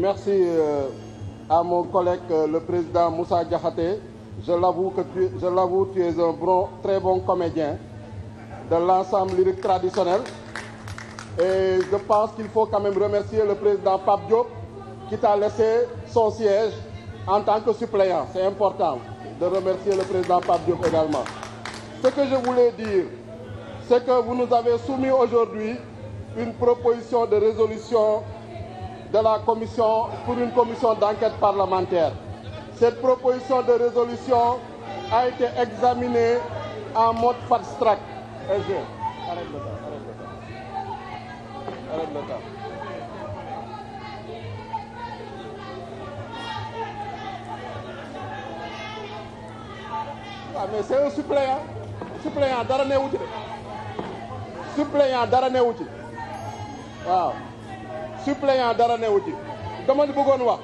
merci euh, à mon collègue euh, le président Moussa Diakhaté. Je l'avoue que tu, je l'avoue, tu es un bon, très bon comédien de l'ensemble lyrique traditionnel. Et je pense qu'il faut quand même remercier le président Pape Diop qui t'a laissé son siège en tant que suppléant. C'est important de remercier le président Pape Diop également. Ce que je voulais dire, c'est que vous nous avez soumis aujourd'hui une proposition de résolution de la commission pour une d d'enquête parlementaire. Cette proposition de résolution a été examinée en mode fast track. Arrête le temps, arrête le temps. Arrête le temps. Ah mais c'est un suppléant dara newu dara newu suppléant dara newu ci dama bëggoon wax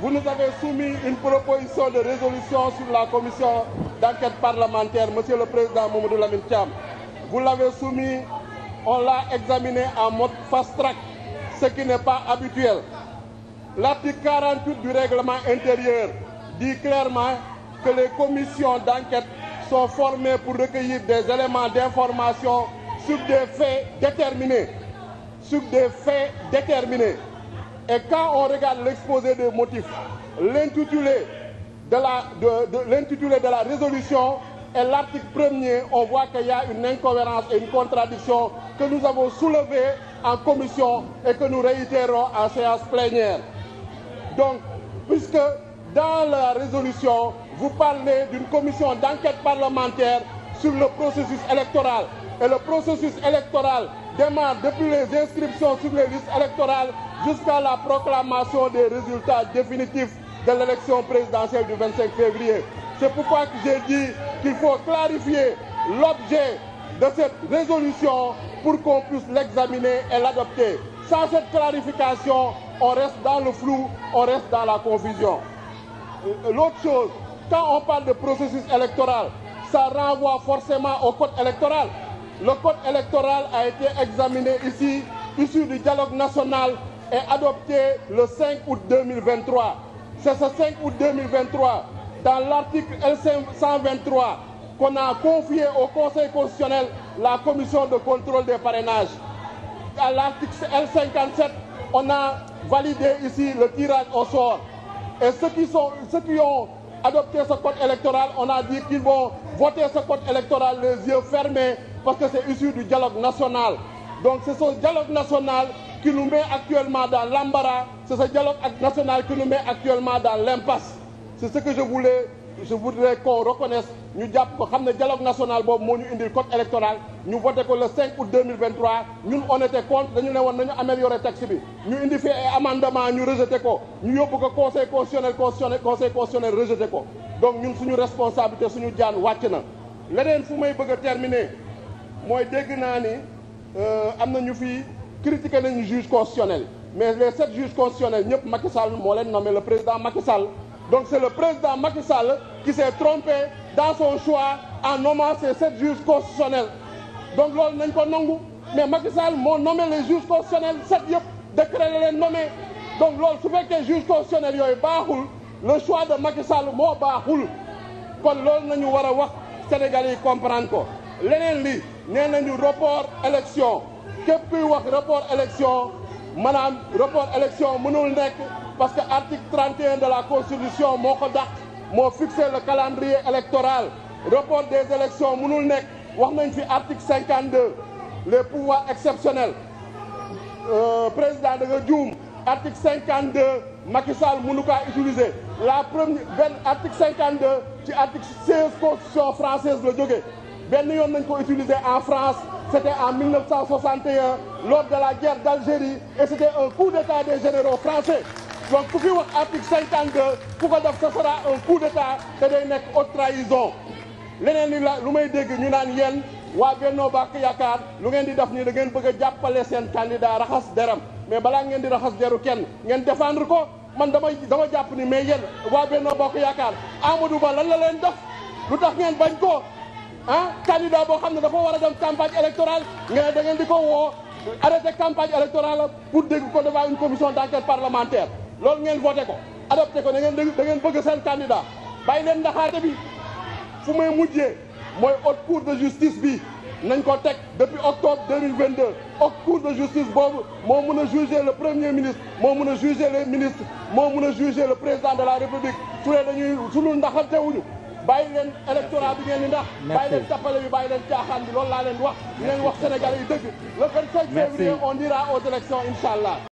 vous nous avez soumis une proposition de résolution sur la commission d'enquête parlementaire monsieur le président Mamadou Lamine Thiam vous l'avez soumis on l'a examiné en mode fast track ce qui n'est pas habituel l'article 48 du règlement intérieur dit clairement que les commissions d'enquête sont formées pour recueillir des éléments d'information sur des faits déterminés sur des faits déterminés. Et quand on regarde l'exposé des motifs, l'intitulé de la, de, de l'intitulé de la résolution et l'article premier, on voit qu'il y a une incohérence que nous avons soulevée en commission et que nous réitérons en séance plénière. Donc, puisque dans la résolution, vous parlez d'une commission d'enquête parlementaire sur le processus électoral. Et processus électoral démarre depuis les inscriptions sur les la proclamation des résultats définitifs de l'élection présidentielle du 25 février. C'est pourquoi j'ai dit qu'il de cette pour qu'on puisse l'examiner et l'adopter. Sans cette clarification, dans la confusion. Euh, l'autre processus électoral, ça renvoie forcément au code électoral. Le code électoral a été examiné ici, issu du dialogue national et adopté le 5 août 2023. C'est ce 5 août dans l'article L123, qu'on a confié au Conseil la commission de contrôle des parrainages. À l'article L57, on a validé ici le tirage au voter ce code électoral les yeux fermés parce que c'est issu du dialogue national. Donc c'est ce dialogue national qui nous met actuellement dans l'embarras, c'est ce dialogue national qui nous met actuellement dans l'impasse. C'est ce que je voulais je voudrais qu'on reconnaisse ñu jàpp ko xam ne dialogue national boobu moo ñu indil cote électoral ñu voté ko le 5 août 2023 ñun on était contre dañu ne woon nañu améliorer texte bi ñu indi fi ay ñu rejeté ko ñu yóbbu ko conseil constitutionnel constitutionnel conseil constitutionnel rejeté ko donc ñun suñu responsabilité suñu jaan wàcc na leneen fu may bëgg a mooy dégg naa ni euh, am na ñu fi critiqué nañu juge constitutionnel mais les sept juges constitutionnels ñëpp Macky Sall moo leen nommé le président Macky Sall donc c'est le président Macky Sall qui s'est trompé dans son choix en nommant ces sept juges constitutionnels donc loolu nañ ko nangu mais Macky Sall moo nommé les juges constitutionnels sept yëpp décret la leen nommé donc loolu su fekkee juge constitutionnel yooyu baaxul le choix de Macky Sall moo baaxul kon loolu nañu war a wax Sénégalais yi comprendre ko leneen li nee nañu report élection képp kuy wax report élection maanaam report élection mënul nekk parce que article 31 de la constitution moo ko dàq moo fixé le calendrier électoral report des élections mënul nekk wax nañ fi article 52 les pouvoirs exceptionnels euh, président da nga juum article 52 Macky Sall mënu kaa utiliser la première benn article 52 ci article 16 constitution française la jógee benn yoon nañ ko utiliser en France c'était en 1961 lors de la guerre d'Algérie et c'était un coup d'état des généro français donc ku fi wax article 52 ku ko def ce sera un coup d'état te day nekk haute trahison leneen li la lu may dégg ñu naan yéen waa Benno Bokk Yaakaar lu ngeen di def nii da ngeen bëgg a jàppale seen candidat raxas deram mais balaa ngeen di raxas deru kenn ngeen défendre ko man dama dama jàpp ni mais yéen waa Benno Bokk Yaakaar Amadou Ba lan la leen def lu tax ngeen bañ ko ah candidat boo xam ne dafa war a dem campagne électorale ngeen da ngeen di ko woo arrêté campagne électorale pour dégg ko devant une commission d'enquête parlementaire loolu ngeen voté ko adopté ko da ngeen da ngeen bëgg seen candidat bàyyi leen ndaxaate bi fu may mujjee mooy haute cour de justice bi nañ ko teg depuis octobre 2022 ak cour de justice boobu moo mun a juger le premier ministre moo mun a juger les moo mun a juger le président de la république su dee dañuy sunu ndaxantewuñu bàyyi leen électorat bi ngeen di ndax. bàyyi leen tappale bi bàyyi leen caaxaan bi loolu laa leen wax. di leen wax Sénégalais yi dëgg. le 25 février on ira aux élections incha allah.